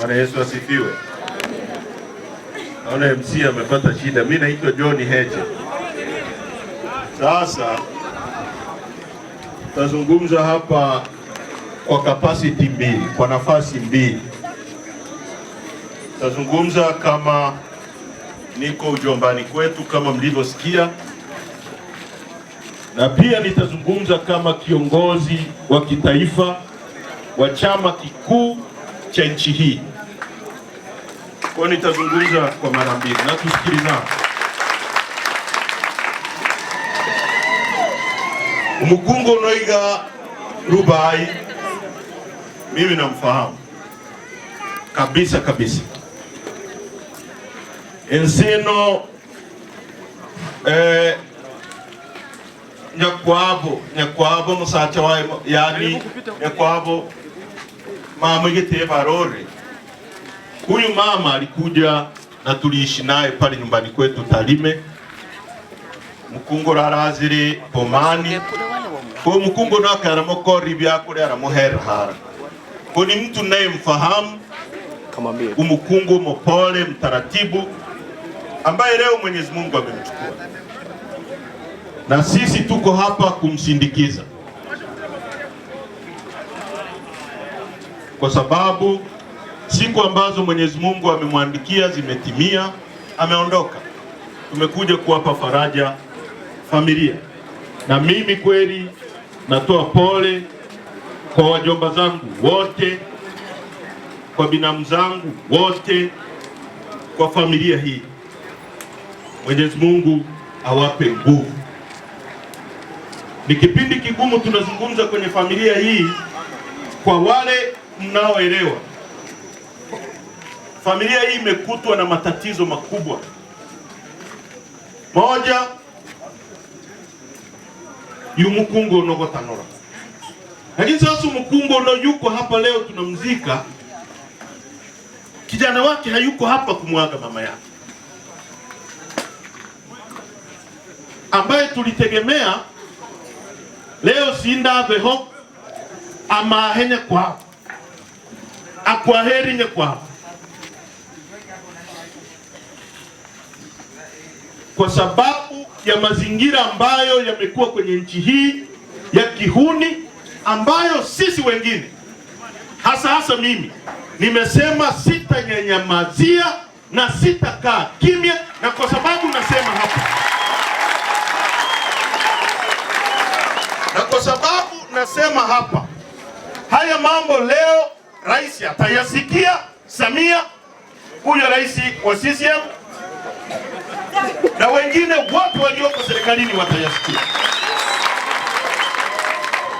Bwana Yesu asifiwe. Naona MC amepata shida. Mimi naitwa John Heche. Sasa tazungumza hapa kwa capacity mbili, kwa nafasi mbili. Tazungumza kama niko ujombani kwetu kama mlivyosikia, na pia nitazungumza kama kiongozi wa kitaifa wa chama kikuu cha nchi hii. Kwa hiyo nitazungumza kwa mara mbili na tusikiliza. Mugungo Noiga Rubai mimi namfahamu kabisa kabisa. Ensino eh, nyakwabo nyakwabo musacha wae yani nyakwabo mamwigitee barore Huyu mama alikuja na tuliishi naye pale nyumbani kwetu Tarime mukungu rarazire pomani kwa mukungu nake aramukora ibyakura hara ko ni mtu nayemfahamu umukungu mpole mtaratibu ambaye leo Mwenyezi Mungu amemchukua na sisi tuko hapa kumsindikiza kwa sababu Siku ambazo Mwenyezi Mungu amemwandikia zimetimia, ameondoka. Tumekuja kuwapa faraja familia, na mimi kweli natoa pole kwa wajomba zangu wote, kwa binamu zangu wote, kwa familia hii. Mwenyezi Mungu awape nguvu. Ni kipindi kigumu tunazungumza kwenye familia hii, kwa wale mnaoelewa familia hii imekutwa na matatizo makubwa. Moja yumukungu unogotanora, lakini sasa mukungu yuko hapa leo tunamzika, kijana wake hayuko hapa kumwaga mama yake ambaye tulitegemea leo sindaveho amahenya kwao akwaherinye kwao kwa sababu ya mazingira ambayo yamekuwa kwenye nchi hii ya kihuni, ambayo sisi wengine hasa hasa mimi nimesema sitanyanyamazia na sitakaa kimya, na kwa sababu nasema hapa na kwa sababu nasema hapa, haya mambo leo rais atayasikia. Samia huyo rais wa CCM na wengine wote walioko serikalini watayasikia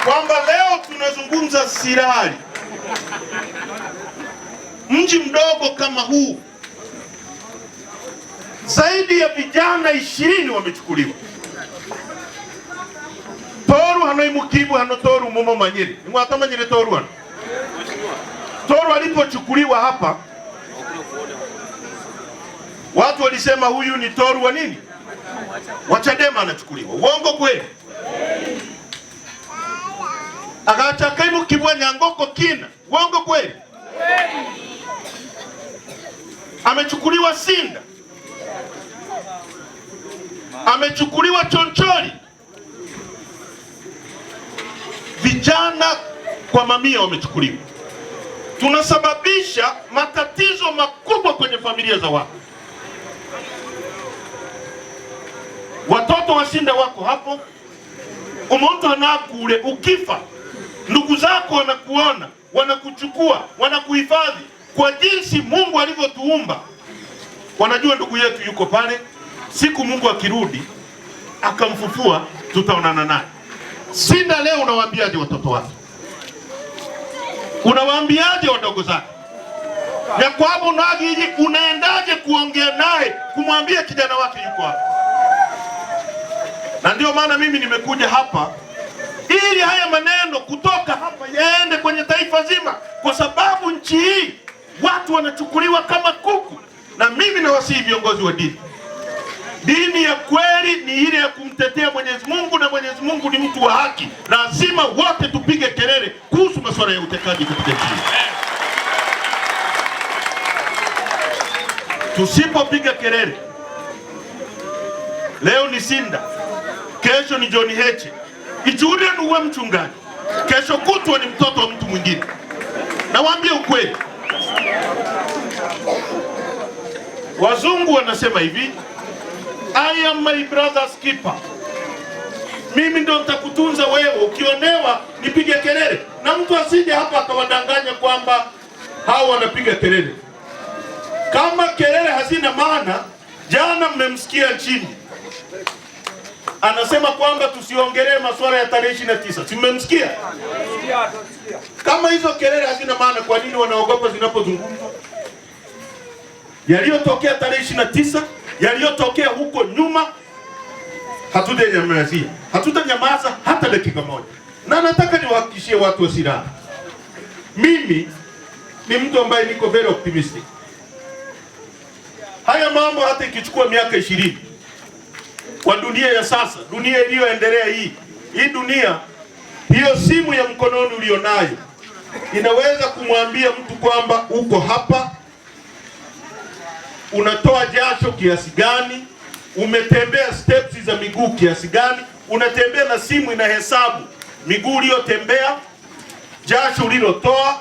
kwamba leo tunazungumza Sirari, mji mdogo kama huu, zaidi ya vijana ishirini wamechukuliwa toru hanoimukibu hano toru mumo manyiri ingwatomanyire toru hano toru alipochukuliwa hapa Watu walisema huyu ni toru wa nini, wachadema anachukuliwa. Uongo kweli? akachakaimu kibwa nyangoko kina. Uongo kweli? amechukuliwa Sinda, amechukuliwa Chonchori. Vijana kwa mamia wamechukuliwa. Tunasababisha matatizo makubwa kwenye familia za watu. watoto washinde wako hapo, umoto anakule. Ukifa ndugu zako wanakuona, wanakuchukua, wanakuhifadhi kwa jinsi Mungu alivyotuumba. Wanajua ndugu yetu yuko pale, siku Mungu akirudi akamfufua, tutaonana naye. sinda leo, unawaambiaje watoto wako? Unawaambiaje wadogo zako? ya kwamba unaendaje kuongea naye kumwambia kijana wake yuko hapa? na ndio maana mimi nimekuja hapa ili haya maneno kutoka hapa yaende kwenye taifa zima, kwa sababu nchi hii watu wanachukuliwa kama kuku. Na mimi nawasihi viongozi wa dini, dini ya kweli ni ile ya kumtetea Mwenyezi Mungu, na Mwenyezi Mungu ni mtu wa haki. Lazima wote tupige kelele kuhusu masuala ya utekaji katika nchi. Tusipopiga kelele, leo ni Sinda kesho ni John Heche, ni uwe mchungaji, kesho kutwa ni mtoto wa mtu mwingine. Nawaambia ukweli, wazungu wanasema hivi, I am my brother's keeper. Mimi ndo nitakutunza wewe, ukionewa nipige kelele, na mtu asije hapa akawadanganya kwamba hao wanapiga kelele, kama kelele hazina maana. Jana mmemsikia chini anasema kwamba tusiongelee masuala ya tarehe 29. na Kama hizo kelele hazina maana, kwa nini wanaogopa zinapozungumzwa? Yaliyotokea tarehe 29, yaliyotokea huko nyuma, hatutanyamazia, hatutanyamaza hata dakika moja, na nataka niwahakikishie watu wa silaha, mimi ni mtu ambaye niko very optimistic. Haya mambo hata ikichukua miaka ishirini wa dunia ya sasa, dunia iliyoendelea hii hii dunia, hiyo simu ya mkononi ulionayo inaweza kumwambia mtu kwamba uko hapa, unatoa jasho kiasi gani, umetembea steps za miguu kiasi gani, unatembea na simu inahesabu miguu uliyotembea, jasho ulilotoa,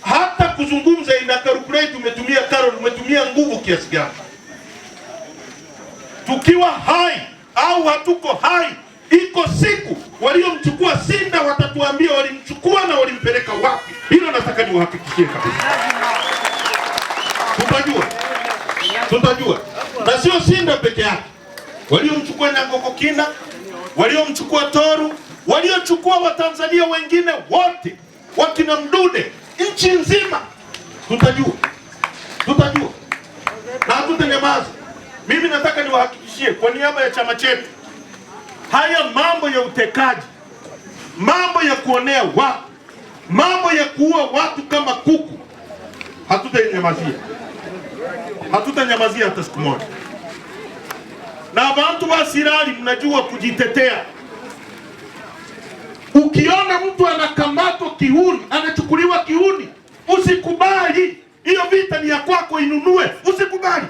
hata kuzungumza ina calculate, umetumia calorie, umetumia nguvu kiasi gani. Tukiwa hai au hatuko hai. Iko siku waliomchukua Sinda watatuambia walimchukua na walimpeleka wapi. Hilo nataka niwahakikishie kabisa, tutajua, tutajua. Na sio Sinda peke yake, waliomchukua Nyang'oko Kina, waliomchukua Toru, waliochukua Watanzania wengine wote, wakina Mdude, nchi nzima tutajua, tutajua na hatutanyamaza. Mimi nataka niwahakikishie kwa niaba ya chama chetu, haya mambo ya utekaji, mambo ya kuonea watu, mambo ya kuua watu kama kuku, hatutanyamazia, hatutanyamazia hata siku moja. Na bantu sirali, mnajua kujitetea. Ukiona mtu anakamatwa kihuni, anachukuliwa kihuni, usikubali. Hiyo vita ni ya kwako, inunue, usikubali.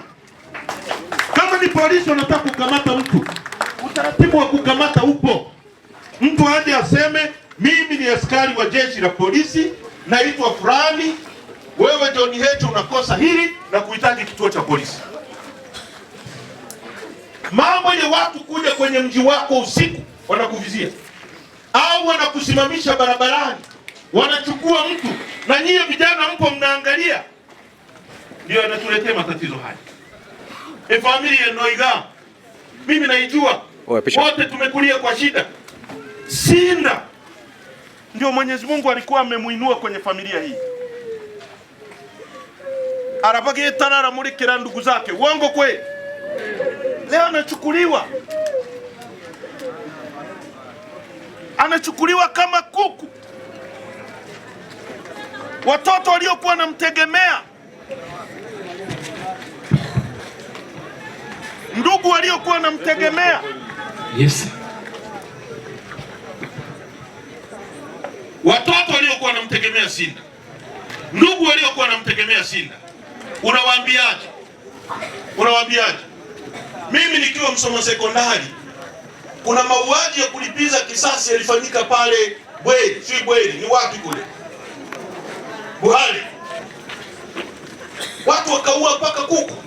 Kama ni polisi wanataka kukamata mtu, utaratibu wa kukamata upo. Mtu aje aseme mimi ni askari wa jeshi la polisi, naitwa fulani, wewe John Heche unakosa hili na kuhitaji kituo cha polisi. Mambo ya watu kuja kwenye mji wako usiku wanakuvizia au wanakusimamisha barabarani, wanachukua mtu na nyie vijana mpo mnaangalia, ndio yanatuletea matatizo haya e, familia Noiga mimi naijua, wote tumekulia kwa shida. sina ndio Mwenyezi Mungu alikuwa amemuinua kwenye familia hii, muri kira ndugu zake. Uongo kwe? Leo anachukuliwa anachukuliwa kama kuku. Watoto waliokuwa wanamtegemea ndugu waliokuwa namtegemea. Yes. Watoto waliokuwa namtegemea Sinda, ndugu waliokuwa namtegemea Sinda, unawaambiaje? Unawaambiaje? Mimi nikiwa msomo sekondari, kuna mauaji ya kulipiza kisasi yalifanyika pale Bweri, si Bweri, ni wapi kule Buhari, watu wakaua mpaka kuku.